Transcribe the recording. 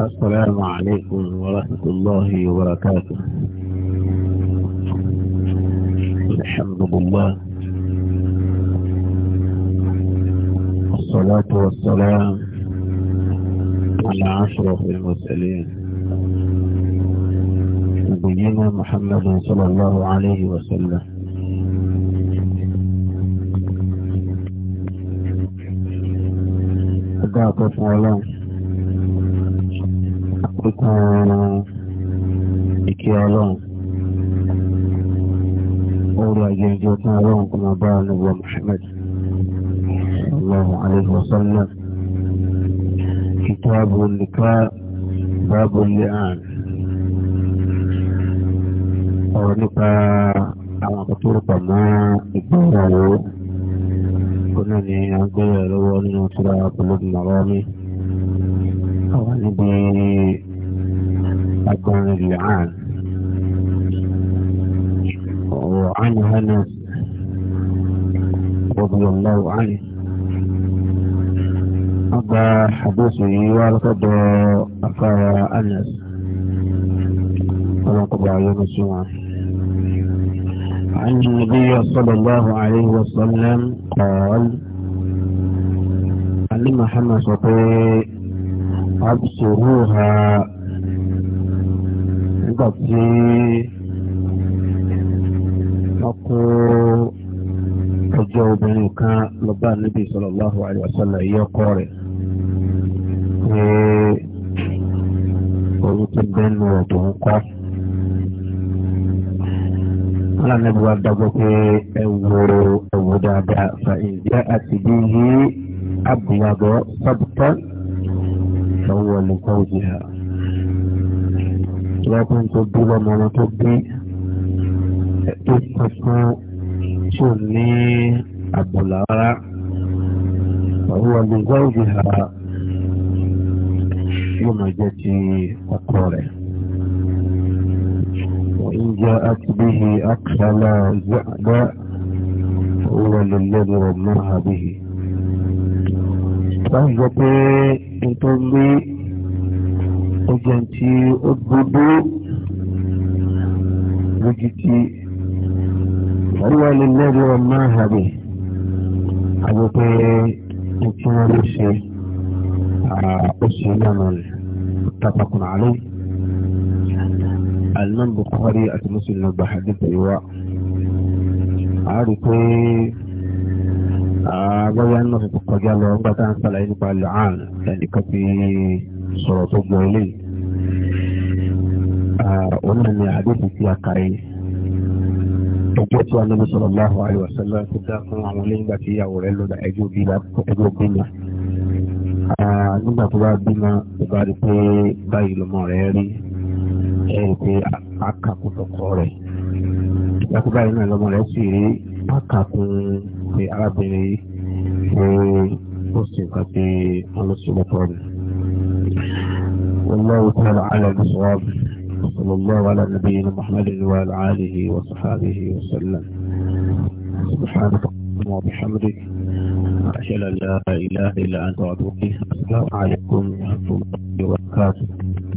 السلام عليكم ورحمة الله وبركاته الحمد لله والصلاة والسلام على أشرف المرسلين نبينا محمد صلى الله عليه وسلم أدعى الله àfikún ìkẹ́ ọlọ́run orí ajẹ́jẹ́ fún ọlọ́run kò máa bá ọlọ́wọ́ Muhammad sallallahu alaihi wasallam kitabu nikah babu li'an ọ̀rọ̀ nípa àwọn akọ́tọ́rọ̀ pàmọ́ ìgbéyàwó kó náà ni agbẹ́yẹ̀ lọ́wọ́ nínú tíra pẹ̀lú ìmọ̀ràn mi أكون اللعان وعنها انس رضي الله عنه أبا حديثي ولقد أفا أنس ورقد يوم الجمعة عن النبي صلى الله عليه وسلم قال علم محمد صلى الله عليه وسلم أبصروها nígbà tí wọ́n kó ọjọ́ obìnrin kan lọ bá níbi sallallahu alaihi wasallam yí ọkọ rẹ̀ pé òun ti bẹ́nu ọ̀dọ̀ ń kọ́. wọ́n lànà bí wọ́n dágbọ́ pé ẹ wúro ẹ̀wù dáadáa fa àti bí yí abùyàgọ́ sọ́bùtọ́ lọ́wọ́ lè òjì hàn lápẹ́ tó bí lọ́mọ wọn tó bí tó tuntun tó ní àbùlà rárá àwọn àgbègbè òbí ha yóò máa jẹ́ ti ọkọ rẹ̀. وإن جاءت به أقفل زعدا فهو للذي رماها به. فهو بي انتم بي ó jẹ́ tí ó dúdú lójú tí ọlọ́ọ̀lẹ́ lẹ́rìí ọmọ àhàbẹ̀ àgbẹ̀pẹ́ tí wọ́n lè ṣe oṣù lọ́nà tapakùn àlẹ́ alimami Bukhari àti Muslim ló gba hadith ìwà àárí pé bóyá náà fi kọjá lọ ń gbátá ń sàlàyé nípa lọ́hàn lẹ́nìkan fi sọ̀rọ̀ tó gbọ́ ilé òun náà ni àdéhùn sí àkàrẹ ọjọ́ tí anábì sallallahu alaihi wasallam ti dá fún àwọn ilé nígbà tí ìyàwó rẹ̀ lọ́dà ẹjọ́ bímọ nígbà tó bá bímọ tó bá rí pé báyìí lọ́mọ rẹ̀ rí ẹ̀rì pé akàkùn lọ́kọ rẹ̀ ìgbà tó náà lọ́mọ rẹ̀ sì rí akàkùn pé arábìnrin yìí pé في sì nǹkan والله تعالى على الصواب صلى الله على نبينا محمد وعلى آله وصحبه وسلم سبحانك اللهم وبحمدك أشهد أن لا إله إلا أنت وأتوب إليك السلام عليكم ورحمة الله وبركاته